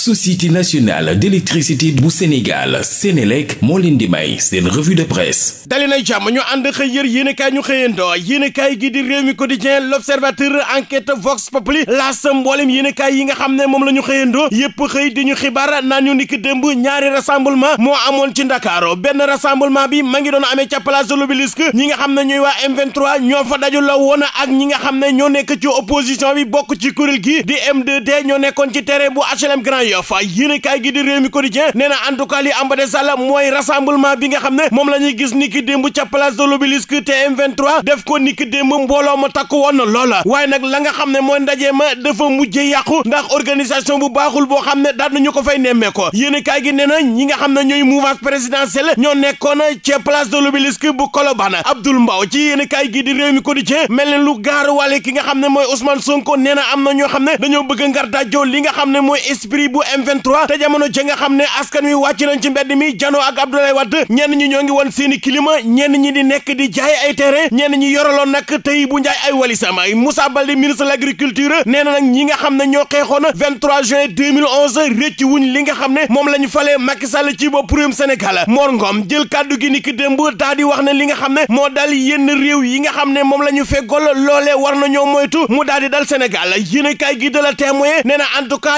société nationale d'électricité bu Sénégal Sénélec moo leen di may seen revue de presse dali jàmm ñu ànd xëy yër yéenekaay ñu xëyandoo yéenekaay gi di Rewmi Quotidien L'Observateur Enquête Vox Populi L'As mboolem yéenekaay yi nga xam ne moom la ñu xëyandoo yépp xëy di ñu xibaar naan ñu niki démb ñaari rassemblement moo amoon ci Ndakaaru benn rassemblement bi ma ngi doon amee ca place de l'Obélisque ñi nga xam ne ñooy waa m ñoo fa daju la woon ñi nga xam ne ñoo nekk ci opposition bi bokk ci kuréel gi di m 2 ci terrain Yoff yéenekaay gi di réew mi quotidien nee en tout cas li am ba des àll mooy bi nga xam ne moom la ñuy gis ni ki démb ca place de l'Obélisque te ko ni ki mbooloo ma takk woon na loola waaye nag la nga xam ne mooy ndaje ma dafa mujje yàqu ndax organisation bu baaxul boo xam ne daan nañu ko fay nemmee ko yéenekaay gi nee na ñi nga xam ne ñooy mouvance présidentielle ñoo nekkoon ca place de l'Obélisque bu Colobane Abdoul Mbaw ci yéenekaay gi di réew mi mel ne lu gaar wàlle ki nga xam ne mooy Ousmane Sonko nee na am na ñoo xam ne dañoo bëgg ngar daajoo li nga xam ne mooy esprit bu bu M23 te jamono ji xam ne askan wi wàcc nañ ci mbedd mi janoo ak Abdoulaye Wade ñenn ñi ñoo ngi woon seeni climat ñenn ñi di nekk di jaay ay terrain ñenn ñi yoraloon nag tey bu njaay ay walisama Moussa Baldé ministre de l'agriculture nee na ñi nga xam ne ñoo xeexoon 23 juin 2011 rëcc wuñ li nga xam ne moom la ñu falee Macky Sall ci bopp réewum Sénégal Mor Ngom jël kàddu gi ni ki démb daa wax ne li nga xam ne moo dal yenn réew yi nga xam ne moom la ñu feggol loolee war na ñoo moytu mu daal di dal Sénégal yéen a kaay gi de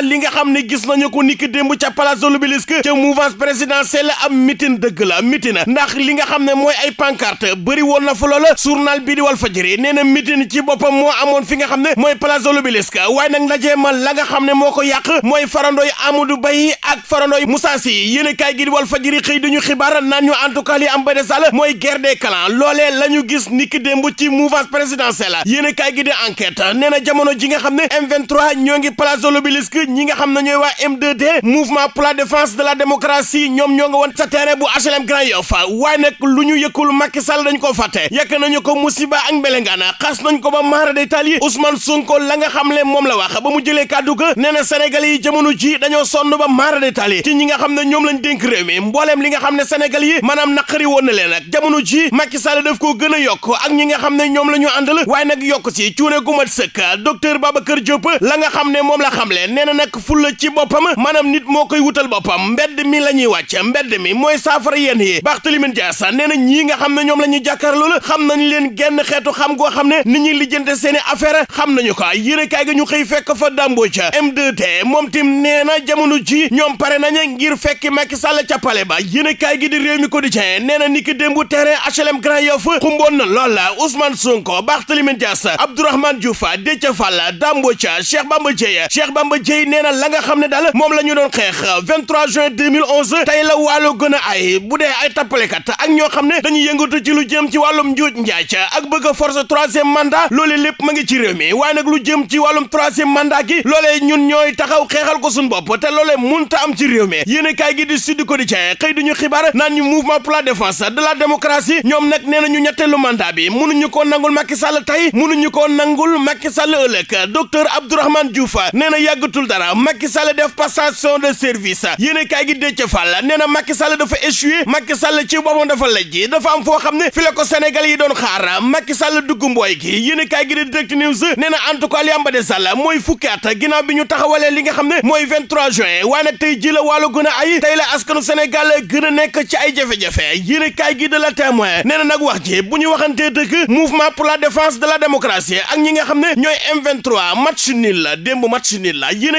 li nga xam ne gis nañu ko niki démb ca place de l'Obélisque ca mouvance présidentielle am mitin dëgg la mitin ndax li nga xam ne mooy ay pancarte bëri woon na fa loola journal bi di Walf Fadjri nee na mitin ci boppam moo amoon fi nga xam ne mooy place de l'Obélisque waaye nag ndaje ma la nga xam ne moo ko yàq mooy farandooy Amadou Ba yi ak farandooy Moussa Sy yéen kaay gi di Walf Fadjri xëy dañu xibaar naan ñu en tout cas li am ba des sall mooy guerre des clans loolee la ñu gis niki démb ci mouvance présidentielle yéen kaay gi di enquête nee na jamono ji nga xam ne M23 ñoo ngi place de l'Obélisque ñi nga xam ne ñooy waa M2D mouvement pour la défense de la démocratie ñoom ñoo nga woon sa terrain bu HLM Grand waaye nag lu ñu yëkkul Macky Sall dañ ko fàtte yàq nañu ko musiba ak mbelengaana xas nañ ko ba maara day taal yi Ousmane Sonko la nga xam ne moom la wax ba mu jëlee kàddu ga nee na Sénégalais yi jamono ji dañoo sonn ba maara day taal yi ci ñi nga xam ne ñoom lañ dénk réew mi mbooleem li nga xam ne Sénégal yi maanaam naqari woon na leen ak jamono ji Macky Sall daf koo gën a yokk ak nga xam ne ñoom la ñu àndal waaye nag yokk si cuune la nga xam ne moom la xamle nee na nag fulla ci bopp boppam maanaam nit moo koy wutal boppam mbedd mi la ñuy wàcc mbedd mi mooy saafara yéen yi Barthélémy Dias nee na ñii nga xam ne ñoom la ñuy jàkkaar xam nañ leen genn xeetu xam goo xam ne ni ñuy lijjante seen i affaire xam nañu ko yéene kaay gi ñu xëy fekk fa dàmboo ca M2T moom tim nee na jamono ji ñoom pare nañ ngir fekki Macky Sall ca pale ba yéene kaay gi di réew mi quotidien nee na niki démb terrain HLM Grand Yoff xumboon na lool Ousmane Sonko Barthélémy Dias Abdourahmane Diouf Déthié Fall dàmboo ca Cheikh Bamba Dièye Cheikh Bamba Dièye nee na la nga xam ne daal Sénégal moom la ñu doon xeex 23 juin 2011 la waalo gën a ay bu dee ay tappalekat ak ñoo ne dañuy yëngatu ci lu jëm ci wàllum njuuj njaaj ak bëgg a force troisième mandat lépp ma ngi ci réew mi waaye nag lu jëm ci wàllum troisième mandat gi loolee ñun ñooy taxaw xeexal ko suñu bopp te loolee munta am ci réew mi yéen kaay gi di Sud Quotidien xëy duñu xibaar naan ñu mouvement pour la défense de la démocratie ñoom nag nee nañu ñetteelu mandat bi mënuñu ko ko nangul passation de service yéen kaay gi Déthié Fall nee na Macky Sall dafa ci boppam dafa lajj dafa am foo xam ne fi la ko yi doon xaar Macky Sall dugg mbooy gi yéen kaay gi di Direct News nee na en tout mooy fukki at ginnaaw bi ñu taxawalee li nga xam ne mooy 23 juin waaye nag tey ji la wàllu gën a ay tey la askanu Sénégal gën a nekk ci ay jafe-jafe yéen kaay gi de la Témoin nee na nag wax ji bu ñu waxantee dëgg mouvement pour la défense de la démocratie ak nga xam ne ñooy M23 match la démb match nul la yéen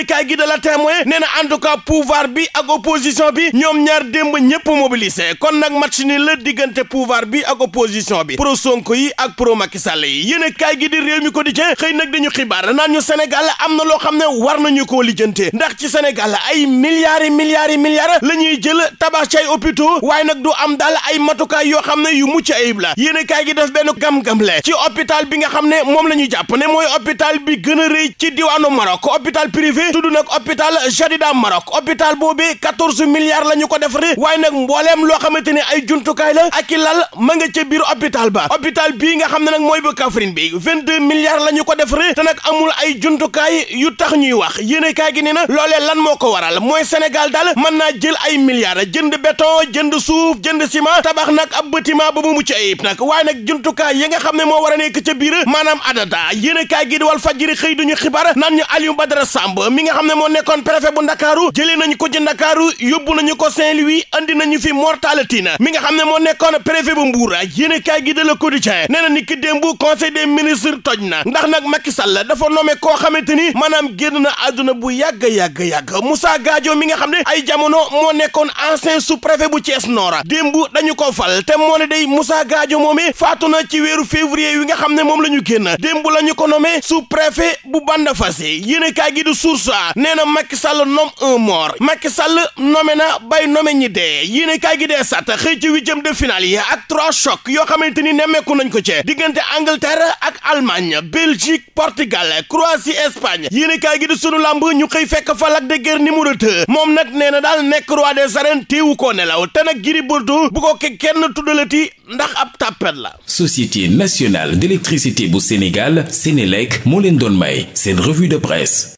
Quotidien nee na en tout cas pouvoir bi ak opposition bi ñoom ñaar démb ñëpp mobilisé kon nag match ni la diggante pouvoir bi ak opposition bi pro Sonko yi ak pro Macky Sall yi yéen a kaay gi di Rewmi Quotidien xëy nag ñu xibaar naan ñu Sénégal am na loo xam ne war nañu koo lijjante ndax ci Sénégal ay milliards milliards milliards la ñuy jël tabax ci ay hôpitaux nag du am daal ay matukaay yoo xam ne yu mucc ayib bla yéen a gi def benn gam-gam la ci hôpital bi nga xam ne moom la ñu jàpp ne mooy hôpital bi gën a rëy ci diwaanu Maroc hôpital privé tudd nag hôpital Jadida Maroc hôpital boobi quatorze milliards la ñu ko defar waaye nag mbooleem loo xamante ni ay juntukaay la ak i lal ma nga ca biir hôpital ba hôpital bii nga xam ne nag mooy bu Kaffrine bi vingt-deux la ko defar te nag amul ay juntukaay yu tax ñuy wax yéene kaa gi nee na loole lan moo ko waral mooy Sénégal daal man naa jël ay milliards jënd béton jënd suuf jënd ciment tabax nag ab bâtiment ba mu mucc ayib nag waaye nag juntukaay yi nga xam ne moo war a nekk ca biir maanaam adada yéene kaay gi di Walf Fadjri xëy préfet bu ndakaaru jëlee nañu ko ci ndakaaru yóbbu ñu ko Saint-Louis andi nañu fi mortalitin mi nga xam ne moo nekkoon préfet bu mbuur yéene kaay gi de Le Quotidien nee na ni ki démb conseil des ministres toj na ndax nag Macky la dafa nommé koo xamante ni maanaam génn na àdduna bu yàgg yàgg yàgg Moussa Gadio mi nga xam ne ay jamono moo nekkoon ancien sous-préfet bu Thiès Nord démb dañu ko fal te moo ne day Moussa Gadio moomee faatu na ci weeru février wi nga xam ne moom la ñu génn démb la ñu ko nommé sous-préfet bu Banda Fassé yéene kaay gi du Source nee na Macky Sall nomme un mort Macky Sall nommé na bay nommé ñi dee yéene kaay gi dee sat xëy ci jëm de finale yi ak trois choc yoo xamante ni nemmeeku nañ ko ci diggante Angleterre ak Allemagne Belgique Portugal Croatie Espagne yéene kaay gi di sunu làmb ñu xëy fekk fa Lac de Guiers numéro deux moom nag nee na daal nekk roi des arènes téewu koo nelaw te nag Gris Bordeaux bu ko kenn tuddalati ndax ab tàppet la Société nationale d'électricité bu Sénégal Sénélec moo leen doon may seen revue de presse